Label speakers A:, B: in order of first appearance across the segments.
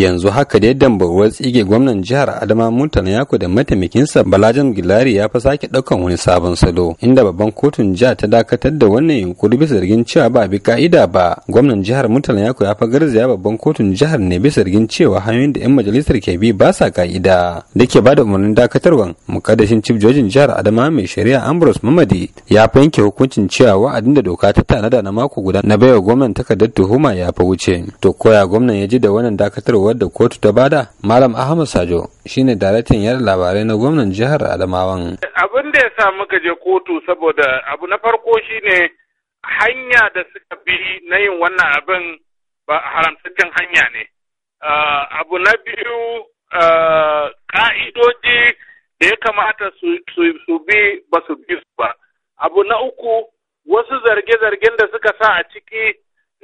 A: yanzu haka da yadda bawar tsige gwamnan jihar adama murtala yako da mataimakinsa balajan gilari ya fi sake ɗaukan wani sabon salo inda babban kotun jiha ta dakatar da wannan yunkuri bisa zargin cewa ba bi ka'ida ba gwamnan jihar murtala yako ya fi garzaya babban kotun jihar ne bisa zargin cewa hanyoyin da yan majalisar ke bi ba sa ka'ida da ke bada umarnin dakatarwan mukaddashin cif jojin jihar adama mai shari'a ambrose mamadi ya fi yanke hukuncin cewa wa'adin da doka ta tanada na mako guda na baiwa gwamnan takardar tuhuma ya fi wuce to koya gwamnan ya ji da wannan dakatarwa sanarwar da kotu ta bada malam ahmad sajo shine daraktan yar labarai na gwamnan jihar
B: adamawan abin da ya sa muka je kotu saboda abu na farko shine hanya da suka bi na yin wannan abin ba haramtaccen hanya ne ah, abu na biyu ah, ka'idoji da ya kamata su bi ba su bi su ba abu na uku wasu zarge-zargen da suka sa a ciki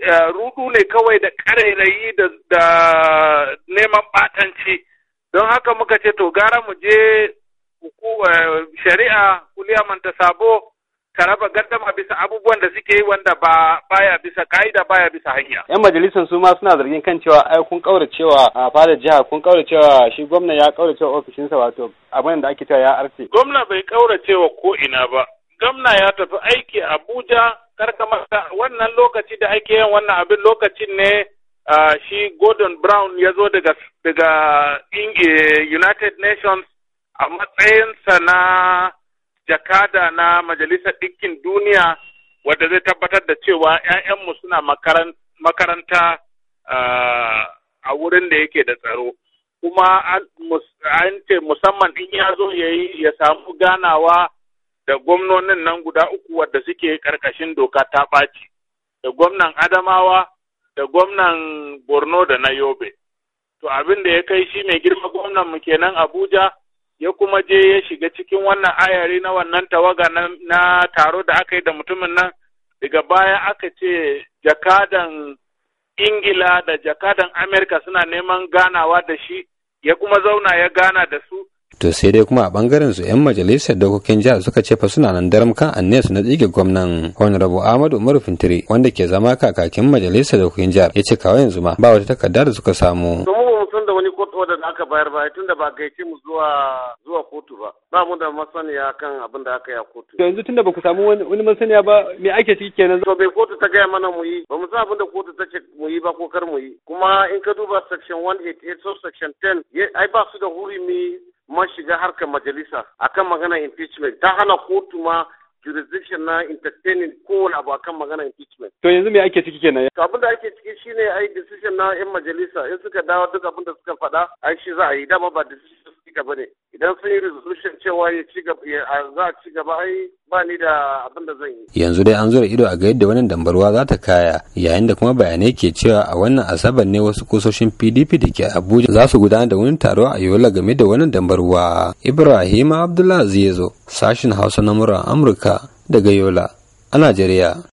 B: rudu ne kawai da ƙarairayi da neman ɓatanci don haka muka ce to gara mu je eh, shari'a kuliya manta sabo ta raba gardama bisa abubuwan da suke yi wanda ba baya bisa ka'ida baya bisa hanya.
A: Yan majalisar su ma suna zargin kan cewa ai kun cewa a fada jiha kun cewa shi gwamna ya cewa ofishinsa wato abin da ake cewa ya arce.
B: Gwamna bai kauracewa ko ina ba. Gwamna ya tafi aiki a Abuja karkamata wannan lokaci da ake yin wannan abin lokacin ne shi Gordon Brown ya zo daga daga United Nations a matsayinsa na jakada na Majalisar Ɗinkin Duniya wadda zai tabbatar da cewa 'ya'yanmu suna makaranta a wurin da yake da tsaro. Kuma an ce musamman in ya zo ya samu ganawa da gwamnonin nan guda uku wadda suke karkashin doka ta ɓaci da gwamnan Adamawa da gwamnan Borno da na Yobe. To abin da ya kai shi mai girma gwamnan mu kenan Abuja ya kuma je ya shiga cikin wannan ayari na wannan tawaga na, taro da aka yi da mutumin nan daga baya aka ce jakadan Ingila da jakadan Amerika suna neman ganawa da shi ya kuma zauna ya gana da su
A: to sai dai kuma a bangaren su yan majalisar dokokin jihar suka ce fa suna nan daram kan annes na tsige gwamnan honorable ahmadu umar fintiri wanda ke zama kakakin majalisar dokokin jihar ya ce kawai yanzu ma ba wata takarda da suka samu
C: da bayar ba tunda ba gaice mu zuwa zuwa kotu ba ba mu da masaniya kan abin da aka yi a kotu
A: yanzu tunda ba ku samu wani masaniya ba me ake ciki kenan to bai kotu
C: ta gaya mana mu yi ba mu san abin da kotu ta ce mu yi ba ko kar mu yi kuma in ka duba section 188 section 10 ai ba su da hurumi mun shiga harkar majalisa akan magana impeachment ta hana kotu ma jurisdiction na entertaining kowane abu akan magana impeachment.
A: To yanzu me ake ciki kenan? To abin
C: da ake ciki shine ai decision na 'yan majalisa in suka dawo duk abin da suka faɗa ai shi za a yi dama ba decision ne idan sun yi resolution cewa ya ci gaba za a ci gaba ai ba ni da abin da zan
A: yi yanzu dai an zura ido a ga yadda wannan dambarwa za ta kaya yayin da kuma bayanai ke cewa a wannan asabar ne wasu kusoshin PDP da ke Abuja za su gudanar da wani taro a Yola game da wannan dambarwa Ibrahim abdullahi Ziezo sashin Hausa na murar Amurka daga Yola a Najeriya